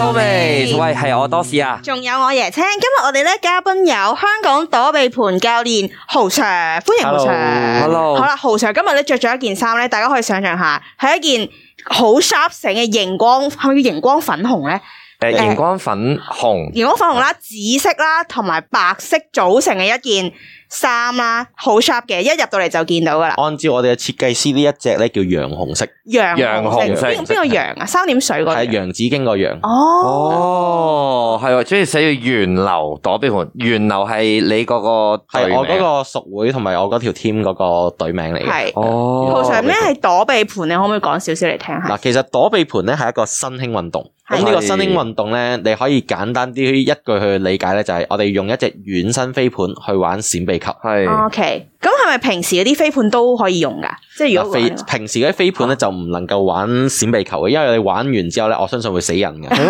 多味，喂係我多士啊！仲有我椰青，今日我哋咧嘉賓有香港躲避盤教練豪 Sir。歡迎豪 Hello, Sir。Hello，好啦，豪 Sir，今日咧着咗一件衫咧，大家可以想象下，係一件好 sharp 成嘅熒光，係咪熒光粉紅咧？誒、呃，熒光粉紅，熒、欸、光粉紅啦，呃、紫色啦，同埋白色組成嘅一件。三啦、啊，好 sharp 嘅，一入到嚟就見到噶啦。按照我哋嘅設計師一隻呢一隻咧叫洋紅色，洋紅色。邊個洋啊？三點水嗰個係洋紫荊個洋。哦。哦，係啊，中意寫住源流躲避盤，源流係你嗰個係我嗰個屬會同埋我嗰條 team 嗰個隊名嚟嘅。係的。哦。通常呢係躲避盤，你可唔可以講少少嚟聽下？嗱，其實躲避盤咧係一個新興運動。咁呢、嗯嗯、個新興運動咧，你可以簡單啲一,一句去理解咧，就係、是、我哋用一隻軟身飛盤去玩閃避球。O K，咁係咪平時嗰啲飛盤都可以用噶？即係如果平時嗰啲飛盤咧，啊、就唔能夠玩閃避球嘅，因為你玩完之後咧，我相信會死人嘅。係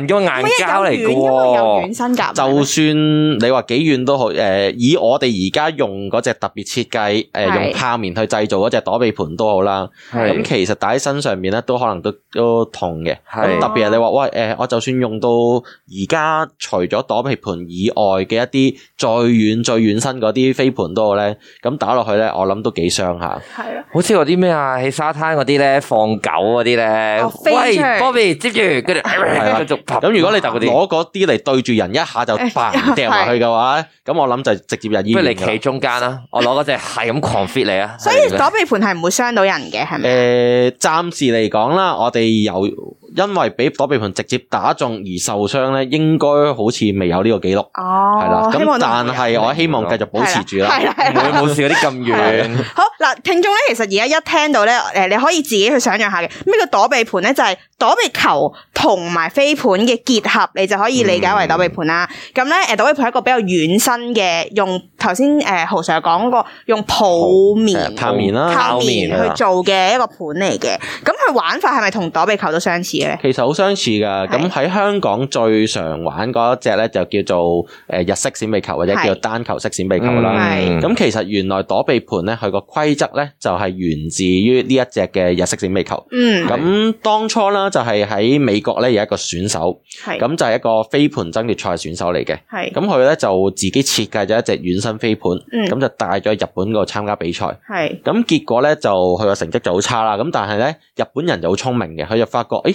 硬嘅硬膠嚟嘅喎，軟身甲 就算你話幾遠都好，誒，以我哋而家用嗰隻特別設計，是用泡棉去製造嗰隻躲避盤都好啦。咁是、嗯、其實戴喺身上面咧，都可能都都痛嘅。係是。特別你話喂誒、呃，我就算用到而家除咗躲避盤以外嘅一啲再遠再遠身嗰啲飛盤都好咧，咁打落去咧，我諗都幾傷下，係咯的，好似嗰啲咩啊，喺沙灘嗰啲咧放狗嗰啲咧，哦、飛喂，波比接住，接住係啦，繼續咁。如果你就攞嗰啲嚟對住人一下就嘭掟落去嘅話，咁我諗就直接入醫院。你企中間啦，我攞嗰隻係咁狂 fit 你啊。所以躲避盤係唔會傷到人嘅，係咪？誒，暫時嚟講啦，我哋有。因為俾躲避盤直接打中而受傷咧，應該好似未有呢個記錄。哦，係啦的，咁但係我希望繼續保持住啦，冇事嗰啲咁遠。好嗱，聽眾咧，其實而家一聽到咧，誒，你可以自己去想象下嘅咩叫躲避盤咧，就係、是、躲避球同埋飛盤嘅結合，你就可以理解為躲避盤啦。咁咧、嗯、誒，躲避盤係一個比較軟身嘅，用頭先誒豪 Sir 講嗰個用泡棉、啊、泡棉啦、啊、泡棉去做嘅一個盤嚟嘅。咁佢玩法係咪同躲避球都相似？其實好相似噶咁喺香港最常玩嗰一隻咧就叫做誒日式閃避球或者叫做單球式閃避球啦。咁、嗯、其實原來躲避盤咧佢個規則咧就係源自於呢一隻嘅日式閃避球。咁、嗯、當初啦就係喺美國咧有一個選手，咁是就係一個飛盤爭奪賽選手嚟嘅。咁佢咧就自己設計咗一隻軟身飛盤，咁、嗯、就帶咗日本個參加比賽。咁是結果咧就佢個成績就好差啦。咁但係咧日本人就好聰明嘅，佢就發覺誒。哎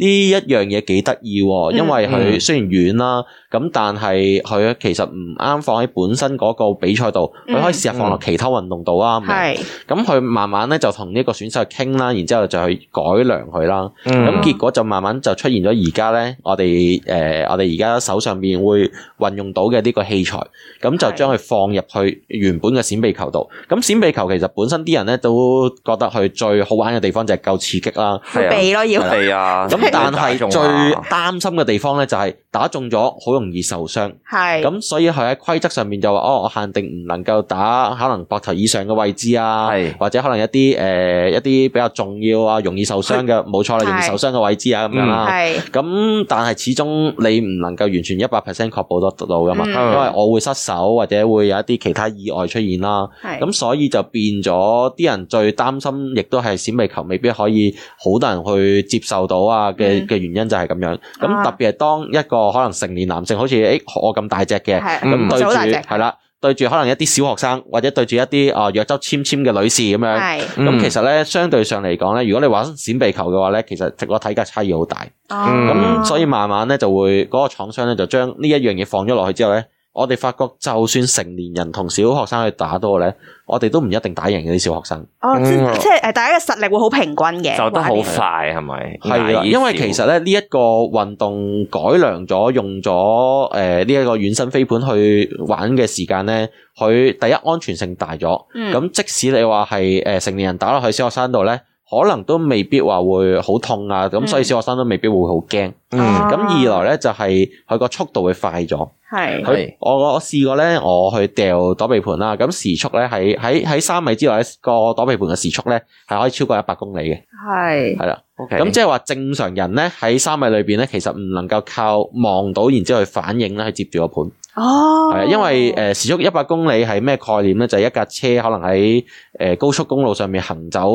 呢一樣嘢幾得意喎，因為佢雖然遠啦，咁、嗯、但係佢其實唔啱放喺本身嗰個比賽度，佢、嗯、可以試下放落其他運動度啊。係、嗯，咁佢慢慢咧就同呢個選手去傾啦，然之後就去改良佢啦。咁、嗯、結果就慢慢就出現咗而家咧，我哋誒、呃、我哋而家手上邊會運用到嘅呢個器材，咁就將佢放入去原本嘅閃避球度。咁閃避球其實本身啲人咧都覺得佢最好玩嘅地方就係夠刺激啦，避咯要係啊，但係最擔心嘅地方咧，就係、是、打中咗好容易受傷。係咁是，所以佢喺規則上面就話：哦，我限定唔能夠打可能膊頭以上嘅位置啊，是或者可能一啲誒、呃、一啲比較重要啊，容易受傷嘅冇錯啦，是容易受傷嘅位置啊，咁是樣啦、啊。係咁是，但係始終你唔能夠完全一百 percent 確保到得到噶嘛，是因為我會失手或者會有一啲其他意外出現啦、啊。係咁是，所以就變咗啲人最擔心，亦都係閃避球未必可以好多人去接受到啊。嘅嘅、嗯、原因就係咁樣，咁特別係當一個可能成年男性好，好似誒我咁大隻嘅，咁的對住係啦，嗯、對住可能一啲小學生的或者對住一啲啊弱質纖纖嘅女士咁樣，咁的其實咧、嗯、相對上嚟講咧，如果你話閃避球嘅話咧，其實體格差異好大，咁、嗯、所以慢慢咧就會嗰、那個廠商咧就將呢一樣嘢放咗落去之後咧。我哋發覺，就算成年人同小學生去打多咧，我哋都唔一定打贏嗰啲小學生。哦，即係誒，大家嘅實力會好平均嘅，走得好快係咪？係啦，因為其實咧呢一個運動改良咗，用咗誒呢一個軟身飛盤去玩嘅時間咧，佢第一安全性大咗。嗯，咁即使你話係誒成年人打落去小學生度咧，可能都未必話會好痛啊。咁所以小學生都未必會好驚。嗯，咁二來咧就係佢個速度會快咗，係、啊，我我試過咧，我去掉躲避盤啦，咁時速咧喺喺喺三米之內，個躲避盤嘅時速咧係可以超過一百公里嘅，係，係啦，ok，咁即係話正常人咧喺三米裏面咧，其實唔能夠靠望到，然之後去反應咧去接住個盤，哦，係，因為誒時速一百公里係咩概念咧？就係、是、一架車可能喺誒高速公路上面行走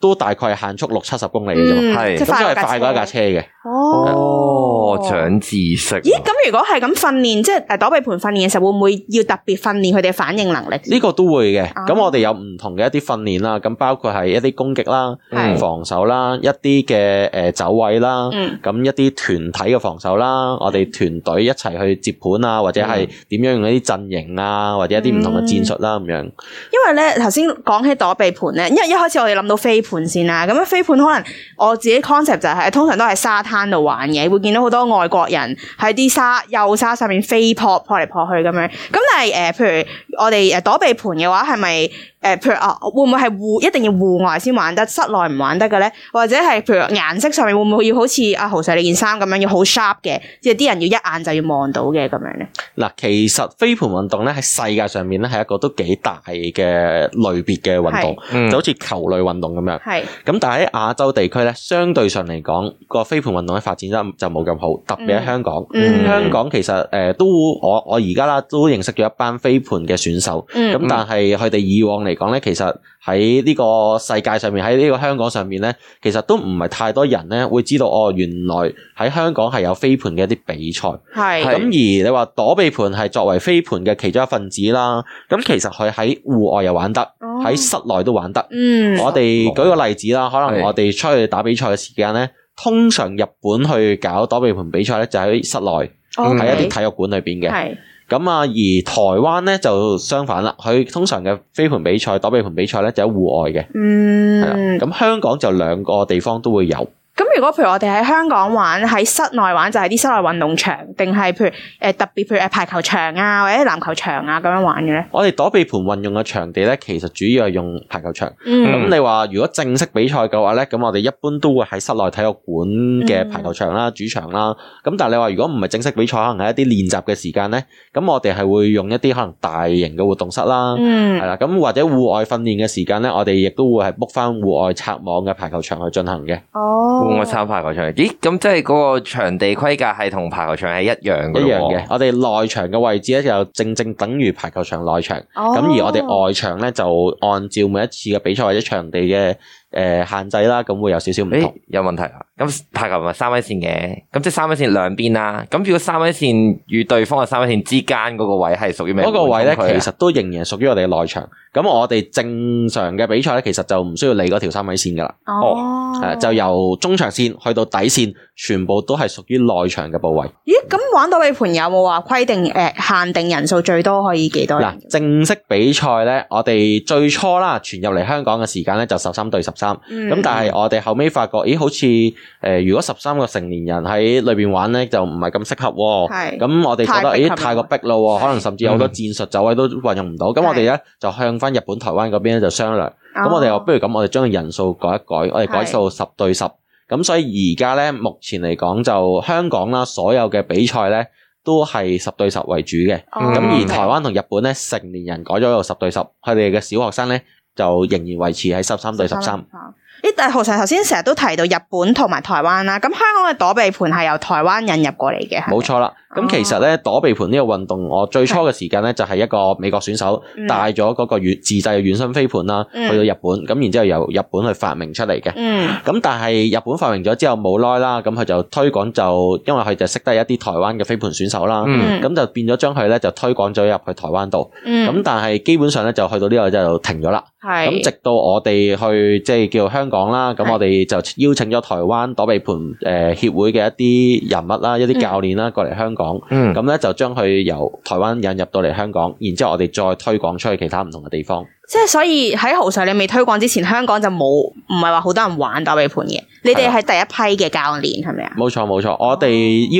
都大概限速六七十公里啫係，咁、嗯、即係快過一架車嘅，車哦。哦長知識、哦，咦？咁如果係咁訓練，即係誒躲避盤訓練嘅時候，會唔會要特別訓練佢哋嘅反應能力？呢個都會嘅。咁、啊、我哋有唔同嘅一啲訓練啦，咁包括係一啲攻擊啦、嗯、防守啦、一啲嘅誒走位啦，咁、嗯、一啲團體嘅防守啦，嗯、我哋團隊一齊去接盤啊，嗯、或者係點樣用一啲陣型啊，或者一啲唔同嘅戰術啦咁樣。因為咧頭先講起躲避盤咧，因為一開始我哋諗到飛盤先啦，咁樣飛盤可能我自己 concept 就係、是、通常都係沙灘度玩嘅，會見到好多。外國人喺啲沙幼沙上面飛撲撲嚟撲去咁樣，咁但係誒、呃、譬如我哋誒躲避盤嘅話，係咪？誒，譬如啊，會唔會係戶一定要戶外先玩得，室內唔玩得嘅咧？或者係譬如顏色上面會唔會要好似阿、啊、豪 Sir 你件衫咁樣要好 sharp 嘅，即係啲人要一眼就要望到嘅咁樣咧？嗱，其實飛盤運動咧，喺世界上面咧，係一個都幾大嘅類別嘅運動，是就好似球類運動咁樣。係是。咁但係喺亞洲地區咧，相對上嚟講個飛盤運動嘅發展得就冇咁好，特別喺香港。嗯嗯嗯、香港其實誒都我我而家啦都認識咗一班飛盤嘅選手。嗯。咁、嗯、但係佢哋以往嚟講咧，其實喺呢個世界上面，喺呢個香港上面咧，其實都唔係太多人咧會知道哦。原來喺香港係有飛盤嘅一啲比賽，係咁是而你話躲避盤係作為飛盤嘅其中一份子啦。咁是其實佢喺戶外又玩得，喺、哦、室內都玩得。嗯，我哋舉個例子啦，哦、可能我哋出去打比賽嘅時間咧，是通常日本去搞躲避盤比賽咧，就喺室內，喺、哦 okay, 一啲體育館裏邊嘅。是咁啊，而台灣咧就相反啦，佢通常嘅飛盤比賽躲避盤比賽咧就喺戶外嘅，嗯，係啦。咁香港就兩個地方都會有。咁如果譬如我哋喺香港玩，喺室內玩就係、是、啲室內運動場，定係譬如誒、呃、特別譬如排球場啊或者籃球場啊咁樣玩嘅咧？我哋躲避盤運用嘅場地咧，其實主要係用排球場。咁、嗯、你話如果正式比賽嘅話咧，咁我哋一般都會喺室內體育館嘅排球場啦、嗯、主場啦。咁但係你話如果唔係正式比賽，可能係一啲練習嘅時間咧，咁我哋係會用一啲可能大型嘅活動室啦，係啦、嗯。咁或者戶外訓練嘅時間咧，我哋亦都會係 book 翻戶外拆網嘅排球場去進行嘅。哦。.我個排球場？咦，咁即係嗰個場地規格係同排球場係一樣嘅？一樣嘅。我哋內場嘅位置咧就正正等於排球場內場，咁、oh. 而我哋外場咧就按照每一次嘅比賽或者場地嘅，誒、呃，限制啦，咁會有少少唔同，欸。有問題啊？咁排球咪三米線嘅，咁即係三米線兩邊啦。咁如果三米線與對方嘅三米線之間嗰個位係屬於咩？嗰個位咧，其實都仍然屬於我哋嘅內場。咁我哋正常嘅比賽咧，其實就唔需要理嗰條三米線噶啦。哦、啊，就由中場線去到底線，全部都係屬於內場嘅部位。咦？咁玩到你盤有冇話規定誒、呃，限定人數最多可以幾多人？嗱，正式比賽咧，我哋最初啦，傳入嚟香港嘅時間咧，就十三對十。三，咁，但係我哋後尾發覺，咦？好似誒，如果十三個成年人喺裏邊玩咧，就唔係咁適合。係咁，我哋覺得咦，太過逼咯，可能甚至有好多戰術，走位都運用唔到。咁我哋咧就向翻日本、台灣嗰邊咧就商量。咁我哋又不如咁，我哋將個人數改一改，我哋改到十對十。咁所以而家咧，目前嚟講就香港啦，所有嘅比賽咧都係十對十為主嘅。咁而台灣同日本咧，成年人改咗到十對十，佢哋嘅小學生咧。就仍然維持喺十三對十三。13啲大豪 Sir 頭先成日都提到日本同埋台灣啦，咁香港嘅躲避盤係由台灣引入過嚟嘅，冇錯啦。咁其實咧躲避盤呢個運動，我最初嘅時間咧就係一個美國選手帶咗嗰個軟自製嘅軟身飛盤啦，去到日本，咁然之後由日本去發明出嚟嘅。咁但係日本發明咗之後冇耐啦，咁佢就推廣就因為佢就識得一啲台灣嘅飛盤選手啦，咁就變咗將佢咧就推廣咗入去台灣度。咁但係基本上咧就去到呢度就停咗啦。係。咁直到我哋去即係叫香講啦，咁我哋就邀請咗台灣躲避盤誒協會嘅一啲人物啦，一啲教練啦，過嚟香港，咁咧、嗯嗯、就將佢由台灣引入到嚟香港，然之後我哋再推廣出去其他唔同嘅地方。即係所以喺豪 Sir 你未推廣之前，香港就冇，唔係話好多人玩躲避盤嘅。你哋係第一批嘅教練係咪啊？冇錯冇錯，我哋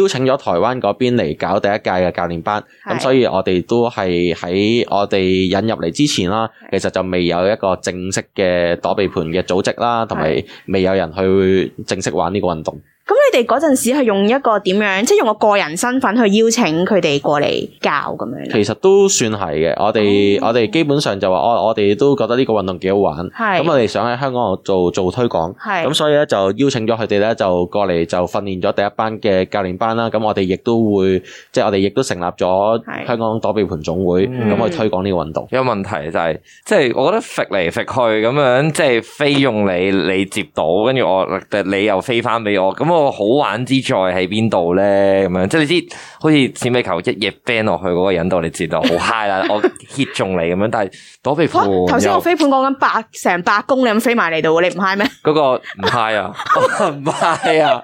邀請咗台灣嗰邊嚟搞第一屆嘅教練班，咁、啊、所以我哋都係喺我哋引入嚟之前啦，啊、其實就未有一個正式嘅躲避盤嘅組織啦，同埋未有人去正式玩呢個運動。咁你哋嗰陣時係用一個點樣即係用我個，個人身份去邀請佢哋過嚟教咁樣，其實都算係嘅，我哋、oh. 我哋基本上就話我我哋都覺得呢個運動幾好玩。係咁是，我哋想喺香港度做做推廣，係咁是，所以咧就邀請咗佢哋咧，就過嚟就訓練咗第一班嘅教練班啦。咁我哋亦都會即係、就是、我哋亦都成立咗香港躲避盤總會咁去是推廣呢個運動，有個問題就係、是、即、就、係、是、我覺得揈嚟揈去咁樣，即係飛用你，你接到，跟住我，你又飛翻俾我，咁我。個好玩之在喺邊度咧？咁樣即係你知，好似閃避球一夜 ban 落去嗰個人度，你自然好 high 啦！我 hit 中你咁樣，但係躲避盤，頭先我飛盤講緊成百公里咁飛埋嚟度，你唔 high 咩？嗰個唔 high 啊，唔 high 啊！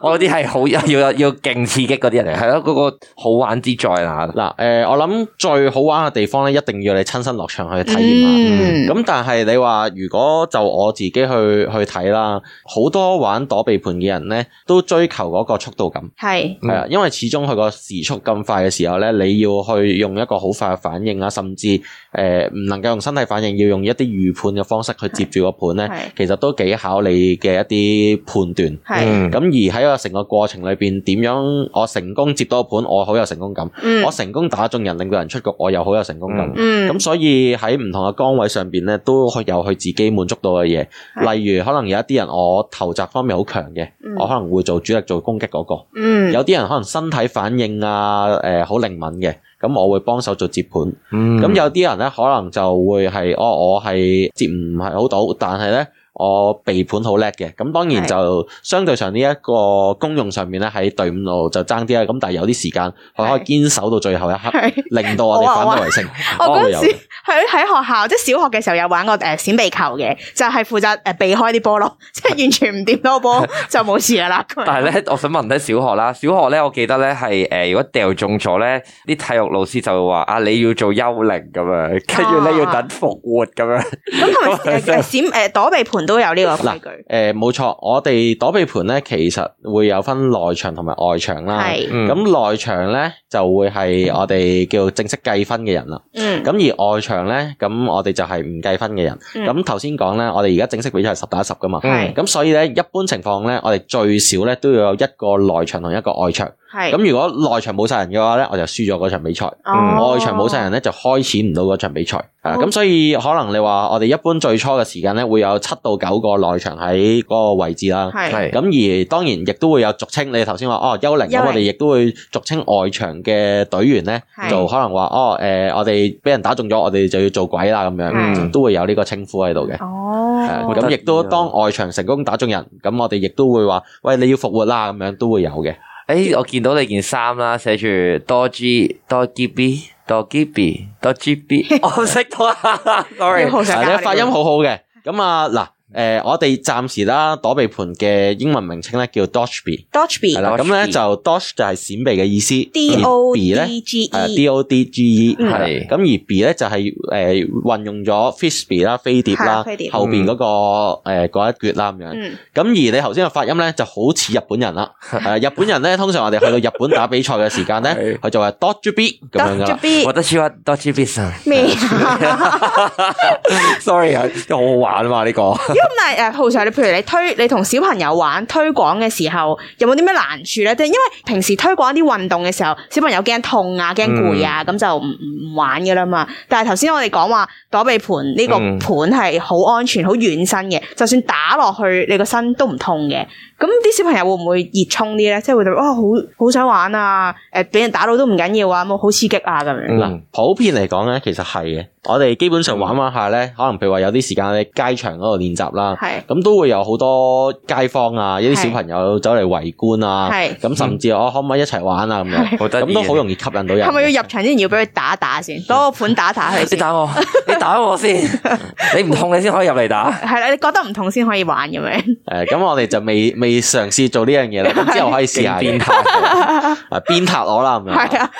我啲係好要要勁刺激嗰啲人嚟，係咯，嗰個好玩之在嗱嗱誒！我諗最好玩嘅地方咧，一定要你親身落場去體驗啦。咁、嗯嗯、但係你話如果就我自己去去睇啦，好多玩躲避盤嘅人咧。都追求嗰個速度感，係是，係啊，因為始終佢個時速咁快嘅時候咧，你要去用一個好快嘅反應啊，甚至誒唔、呃、能夠用身體反應，要用一啲預判嘅方式去接住個盤咧，其實都幾考你嘅一啲判斷。係是，咁而喺個成個過程裏邊，點樣我成功接到個盤，我好有成功感；嗯、我成功打中人，令到人出局，我又好有成功感。咁、嗯、所以喺唔同嘅崗位上邊咧，都去有佢自己滿足到嘅嘢。是例如，可能有一啲人我投擲方面好強嘅，嗯可能會做主力做攻擊嗰、那、嗯、個，有啲人可能身體反應啊，誒、呃，好靈敏嘅，咁我會幫手做接盤。咁、嗯、有啲人咧，可能就會係哦，我係接唔係好到，但係咧。我避盤好叻嘅，咁當然就相對上呢一個功用上面咧，喺隊伍度就爭啲啦。咁但係有啲時間我可以堅守到最後一刻，的令到我哋反敗為勝。我嗰時喺喺學校即係、就是、小學嘅時候有玩過誒閃、呃、避球嘅，就係、是、負責誒、呃、避開啲波咯，即、就、係、是、完全唔掂到波就冇事噶啦。但係咧，我想問啲小學啦，小學咧我記得咧係誒如果掉中咗咧，啲體育老師就會話啊你要做幽靈咁、啊、樣，跟住咧要等復活咁樣。咁同埋誒閃誒躲避盤都有呢個規矩誒，冇錯，我哋躲避盤咧，其實會有分內場同埋外場啦。係咁內場咧就會係我哋叫正式計分嘅人啦。嗯，咁而外場咧，咁我哋就係唔計分嘅人。咁頭先講咧，我哋而家正式比賽係十打十噶嘛。係咁所以咧，一般情況咧，我哋最少咧都要有一個內場同一個外場。係咁如果內場冇晒人嘅話咧，我就輸咗嗰場比賽。哦，外場冇晒人咧就開始唔到嗰場比賽。啊，咁所以可能你話我哋一般最初嘅時間咧會有七到。九個內場喺嗰個位置啦，係咁而當然亦都會有俗稱，你頭先話哦幽靈咁，我哋亦都會俗稱外場嘅隊員咧，就可能話哦誒，我哋俾人打中咗，我哋就要做鬼啦咁樣，都會有呢個稱呼喺度嘅。哦，咁亦都當外場成功打中人，咁我哋亦都會話，喂，你要復活啦咁樣，都會有嘅。誒，我見到你件衫啦，寫住多 G 多 GB 多 GB 多 GB，我唔識到啊，sorry，你發音好好嘅。咁啊嗱。誒，我哋暫時啦躲避盤嘅英文名稱咧叫 Dodgebee，Dodgebee，咁咧就 Dodge 就係閃避嘅意思，D O D G E，D O D G E 係，咁而 B 咧就係誒運用咗 Frisbee 啦飛碟啦，後邊嗰個誒嗰一橛啦咁樣，咁而你頭先嘅發音咧就好似日本人啦，誒日本人咧通常我哋去到日本打比賽嘅時間咧，佢就話 Dodgebee 咁樣㗎啦，我都似話 Dodgebee 啊，Sorry 啊，好玩嘛呢個。咁咪好彩你，豪 Sir，譬如你推你同小朋友玩推廣嘅時候，有冇啲咩難處咧？即係因為平時推廣一啲運動嘅時候，小朋友驚痛啊，驚攰啊，咁、嗯、就唔唔玩嘅啦嘛。但係頭先我哋講話躲避盤呢個盤係好安全、好、嗯、軟身嘅，就算打落去你個身都唔痛嘅。咁啲小朋友會唔會熱衷啲咧？即係會話哇，好好想玩啊！誒，俾人打到都唔緊要啊，冇好刺激啊咁樣。嗱、嗯，普遍嚟講咧，其實係嘅。我哋基本上玩玩下咧，嗯、可能譬如話有啲時間喺街場嗰度練習。啦，咁都會有好多街坊啊，一啲小朋友走嚟圍觀啊，咁甚至我可唔可以一齊玩啊咁樣？咁都好容易吸引到人。係咪要入場之前要俾佢打打先，攞個盤打打佢？你打我，你打我先，你唔痛你先可以入嚟打。係啦，你覺得唔痛先可以玩咁樣。誒，咁我哋就未未嘗試做呢樣嘢啦，之後可以試下鞭撻。啊，鞭撻我啦咁樣。係啊，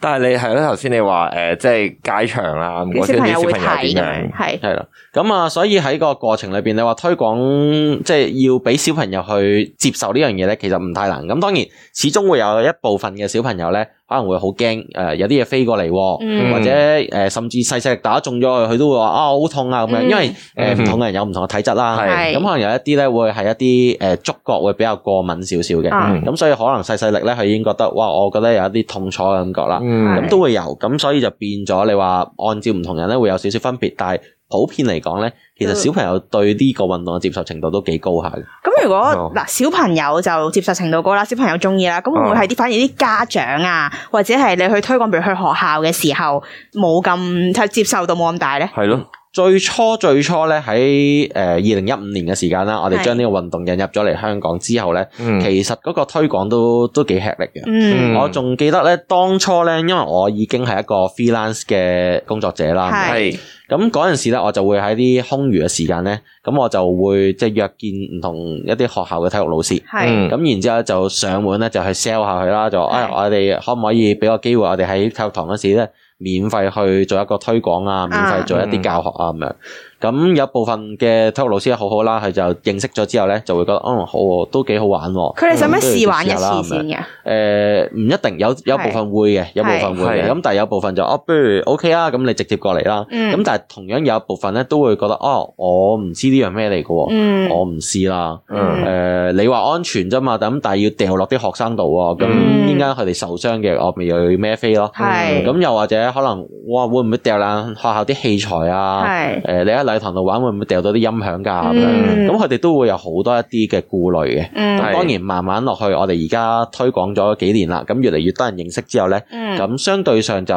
但係你係咯頭先你話誒，即係街場啦，啲小朋友點樣？係係啦，咁啊，所以。喺個過程裏邊，你話推廣即係要俾小朋友去接受呢樣嘢咧，其實唔太難。咁當然，始終會有一部分嘅小朋友咧，可能會好驚誒，有啲嘢飛過嚟，嗯、或者誒、呃，甚至細細力打中咗佢，佢都會話啊好痛啊咁樣。嗯、因為誒呃、嗯、唔同嘅人有唔同嘅體質啦，咁是 可能有一啲咧會係一啲誒觸覺會比較過敏少少嘅，咁、嗯、所以可能細細力咧佢已經覺得哇，我覺得有一啲痛楚嘅感覺啦，咁是 都會有，咁所以就變咗你話按照唔同人咧會有少少分別，但係。普遍嚟講咧，其實小朋友對呢個運動嘅接受程度都幾高下嘅。咁如果嗱，小朋友就接受程度高啦，小朋友中意啦，咁會唔會係啲反而啲家長啊，或者係你去推廣，譬如去學校嘅時候，冇咁接受到冇咁大咧？係咯。最初最初咧喺誒二零一五年嘅時間啦，我哋將呢個運動引入咗嚟香港之後咧，的嗯、其實嗰個推廣都都幾吃力嘅。嗯、我仲記得咧，當初咧，因為我已經係一個 freelance 嘅工作者啦，係咁嗰陣時咧，我就會喺啲空餘嘅時間咧，咁我就會即係約見唔同一啲學校嘅體育老師，咁的、嗯、然之後就上門咧就去 sell 下佢啦，就誒、哎、是的 我哋可唔可以俾個機會我哋喺體育堂嗰時咧？免費去做一個推廣啊，免費做一啲教學啊，咁樣、啊。嗯咁有部分嘅體育老師好好啦，佢就認識咗之後咧，就會覺得，嗯，好喎，都幾好玩喎。佢哋使乜試試玩一次先嘅？誒，唔一定，有有部分會嘅，有部分會嘅。咁但係有部分就，哦，不如 OK 啦，咁你直接過嚟啦。咁但係同樣有部分咧，都會覺得，哦，我唔知呢樣咩嚟嘅喎，我唔試啦。誒，你話安全啫嘛？咁但係要掉落啲學生度喎。咁點解佢哋受傷嘅？我咪又要孭飛咯。係。咁又或者可能，哇，會唔會掉爛學校啲器材啊？係。誒，你一大堂度玩會唔會掉到啲音響㗎咁樣？咁佢哋都會有好多一啲嘅顧慮嘅。咁、嗯、當然慢慢落去，我哋而家推廣咗幾年啦。咁越嚟越多人認識之後咧，咁、嗯、相對上就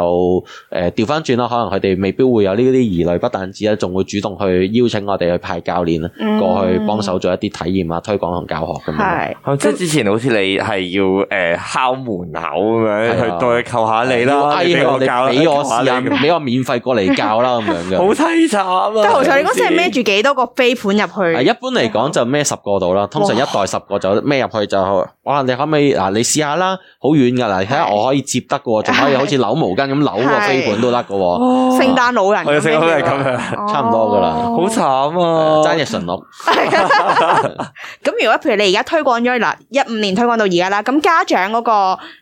誒調翻轉啦。可能佢哋未必會有呢啲疑慮，不但止啦，仲會主動去邀請我哋去派教練啦，過去幫手做一啲體驗啊、推廣同教學咁樣。係即係之前好似你係要誒敲門口咁樣，的去到求下你啦，的你俾我教啦，俾我試下，俾、啊、我免費過嚟教啦咁樣嘅。好凄慘啊！ 你嗰時係孭住幾多個飛盤入去？啊，一般嚟講就孭十個度啦。通常一袋十個就孭入去就好哇！你可唔可以嗱？你試下啦，好遠噶啦，睇下我可以接得嘅喎，仲可以好似扭毛巾咁扭個飛盤都得嘅喎。聖誕老人，我哋聖誕老人咁樣，差唔多噶啦。好慘啊！揸隻純木。咁如果譬如你而家推廣咗嗱，一五年推廣到而家啦，咁家長嗰個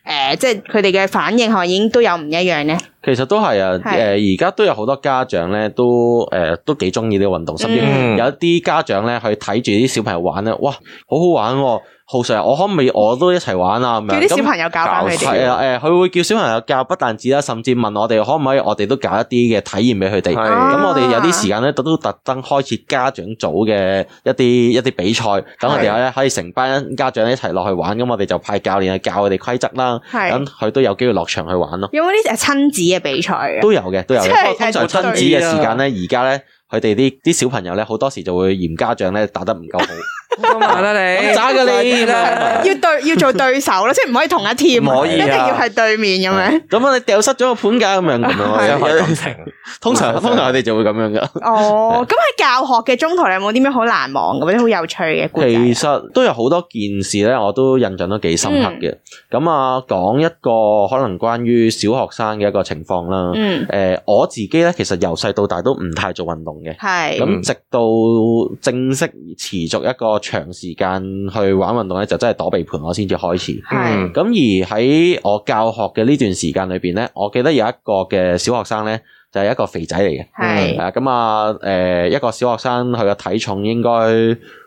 誒，即係佢哋嘅反應嗬，已經都有唔一樣咧。其實都係啊，呃、而家都有好多家長呢，都呃都幾中意呢個運動，甚至有一啲家長呢，去睇住啲小朋友玩呢，哇，好好玩喎、哦！好成日，Sir，我可能可以？我都一齊玩啊！叫啲小朋友教翻佢係啊，誒，佢會叫小朋友教，不但止啦，甚至問我哋可唔可以，我哋都教一啲嘅體驗俾佢哋。咁是我哋有啲時間咧，啊、都特登開設家長組嘅一啲一啲比賽，等佢哋咧可以成班家長一齊落去玩。咁是我哋就派教練去教佢哋規則啦。咁佢是都有機會落場去玩咯。有冇啲誒親子嘅比賽？都有嘅，都有嘅。是親子嘅時間咧，而家咧，佢哋啲啲小朋友咧，好多時就會嫌家長咧打得唔夠好。 唔通埋啦你渣嘅你要對要做對手啦，即係唔可以同一 team，唔可以，一定要係對面咁樣。咁你掉失咗個盤㗎咁樣，通常通常我哋就會咁樣噶。哦，咁喺教學嘅中途，你有冇啲咩好難忘咁啲好有趣嘅？其實都有好多件事咧，我都印象都幾深刻嘅。咁啊，講一個可能關於小學生嘅一個情況啦。誒，我自己咧，其實由細到大都唔太做運動嘅。係咁，直到正式持續一個。長時間去玩運動咧，就真係躲避盤我先至開始。係咁是而喺我教學嘅呢段時間裏邊咧，我記得有一個嘅小學生咧，就係、是、一個肥仔嚟嘅。係啊是，咁啊，誒、呃，一個小學生佢嘅體重應該。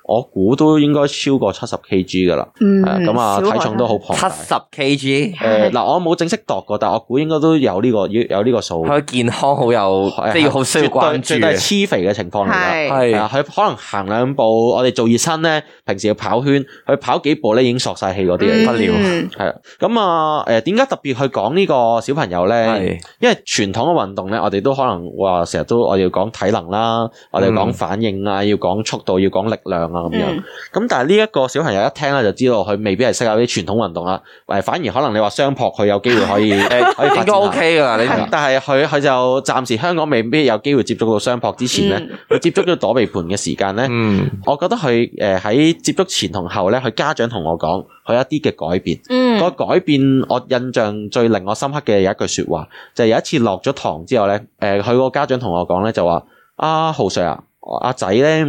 我估都應該超過七十 K G 噶啦，咁啊體重都好龐大。七十 K G，誒嗱，我冇正式度過，但係我估應該都有呢個，有呢個數。佢健康好有，即係好需要關注。最大黐肥嘅情況嚟嘅，係佢可能行兩步，我哋做熱身咧，平時要跑圈，佢跑幾步咧已經索晒氣嗰啲嚟。不了，係啦。咁啊誒，點解特別去講呢個小朋友咧？因為傳統嘅運動咧，我哋都可能話成日都，我哋要講體能啦，我哋講反應啊，要講速度，要講力量。咁樣，咁、嗯、但係呢一個小朋友一聽咧，就知道佢未必係適合啲傳統運動啦，反而可能你話雙撲佢有機會可以誒， 可以發展啦，應該 OK 噶，係，但係佢佢就暫時香港未必有機會接觸到雙撲之前咧，佢、嗯、接觸咗躲避盤嘅時間咧，嗯、我覺得佢誒喺接觸前同後咧，佢家長同我講佢一啲嘅改變，個、嗯、改變我印象最令我深刻嘅有一句說話，就係、是、有一次落咗堂之後咧，誒，佢個家長同我講咧就話啊，豪 Sir 啊。阿仔咧，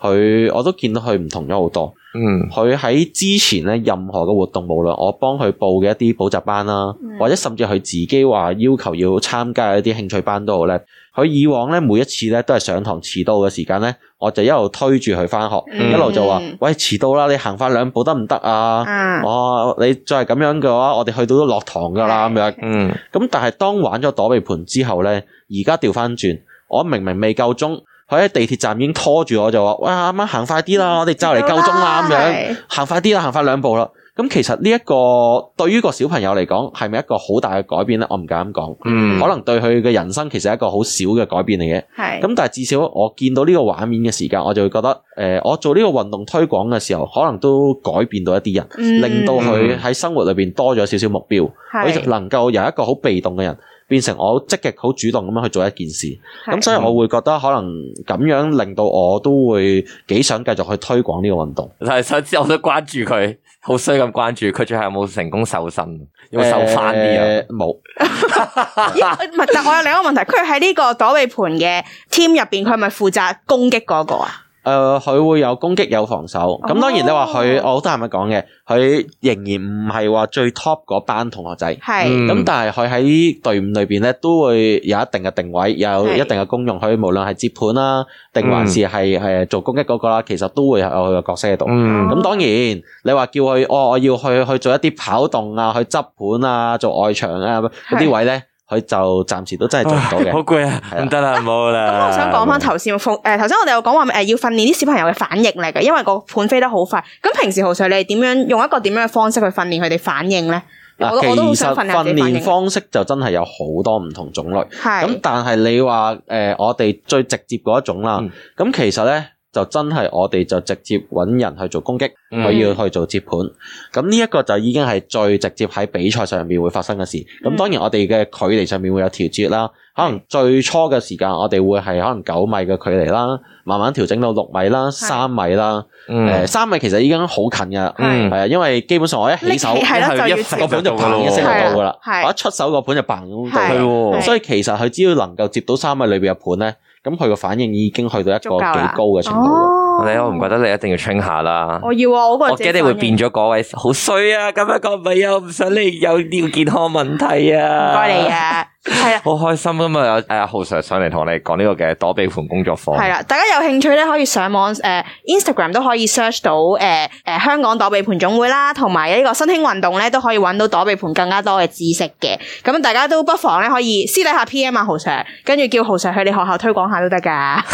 佢我都見到佢唔同咗好多。嗯，佢喺之前咧，任何嘅活動，無論我幫佢報嘅一啲補習班啦，嗯、或者甚至佢自己話要求要參加一啲興趣班都好咧，佢以往咧，每一次咧都係上堂遲到嘅時間咧，我就一路推住佢翻學，一路就話：嗯、喂，遲到啦，你兩行翻兩步得唔得啊？啊，我、哦、你再係咁樣嘅話，我哋去到都落堂噶啦咁樣。的嗯、咁、嗯、但係當玩咗躲避盤之後咧，而家調翻轉，我明明未夠鐘。佢喺地鐵站已經拖住我就話，喂，啱啱行快啲啦，嗯、我哋就嚟夠鐘啦，咁樣行快啲啦，行快兩步啦。咁其實呢、這、一個對於個小朋友嚟講，係咪一個好大嘅改變咧？我唔敢咁講，嗯，可能對佢嘅人生其實係一個好少嘅改變嚟嘅，係的。咁但係至少我見到呢個畫面嘅時間，我就會覺得，誒、呃，我做呢個運動推廣嘅時候，可能都改變到一啲人，嗯、令到佢喺生活裏邊多咗少少目標，可以的能夠有一個好被動嘅人。變成我好積極好主動咁樣去做一件事，咁是、嗯、所以我會覺得可能咁樣令到我都會幾想繼續去推廣呢個運動。但係上次我都關注佢，好衰咁關注佢，最後有冇成功瘦身，呃、有冇瘦翻啲啊？冇、呃。唔係，但我有另一個問題，佢喺呢個躲避盤嘅 team 入邊，佢係咪負責攻擊嗰個啊？ 誒，佢會有攻擊有防守，咁當然你話佢，我好多人咪講嘅，佢仍然唔係話最 top 嗰班同學仔，係咁，但係佢喺隊伍裏邊咧都會有一定嘅定位，有一定嘅功用，佢無論係接盤啦，定還是係係做攻擊嗰個啦，其實都會有佢嘅角色喺度。咁當然你話叫佢，我我要去去做一啲跑動啊，去執盤啊，做外場啊嗰啲位咧。佢就暫時都真係做唔到嘅。好攰、哎、啊，唔得啦，好啦、啊。咁、啊、我想講翻頭先，誒，頭先我哋有講話，誒，要訓練啲小朋友嘅反應力嘅，因為個盤飛得好快。咁平時豪 Sir，你點樣用一個點樣嘅方式去訓練佢哋反應咧？啊，其實我都好想訓練，訓練方式就真係有好多唔同種類。係是的。咁但係你話，誒，我哋最直接嗰一種啦。咁、嗯、其實咧。就真係我哋就直接揾人去做攻擊，我要去做接盤。咁呢一個就已經係最直接喺比賽上面會發生嘅事。咁當然我哋嘅距離上面會有調節啦。可能最初嘅時間我哋會係可能九米嘅距離啦，慢慢調整到六米啦、三米啦。誒，三米其實已經好近噶啦，係啊，因為基本上我一起手一一個盤就嘭一聲就到噶啦，我一出手個盤就嘭到去。咁所以其實佢只要能夠接到三米裏面嘅盤咧。咁佢個反應已經去到一個幾高嘅程度，你、哦、我唔覺得你一定要 train 下啦。我要啊，我驚你會變咗嗰位好衰啊！咁一個啊，我唔想你有啲健康問題啊！唔該你啊。係啊，好開心咁啊，豪 Sir 上嚟同我哋講呢個嘅躲避盤工作坊。係啦、啊，大家有興趣咧，可以上網誒、呃、，Instagram 都可以 search 到誒誒、呃，香港躲避盤總會啦，同埋呢個新興運動咧，都可以揾到躲避盤更加多嘅知識嘅。咁大家都不妨咧，可以私底下 PM 豪 Sir 跟住叫豪 Sir 去你學校推廣下都得噶。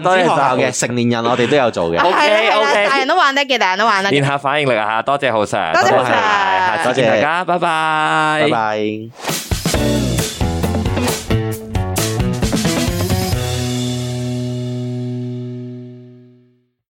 多謝 學校嘅 成年人，我哋都有做嘅。係啦係啦，大人都玩得嘅，大人都玩得嘅。練下反應力啊，多謝豪 Sir 多謝豪 Sir 多,多,多謝大家，拜拜 Okay，bye，拜拜。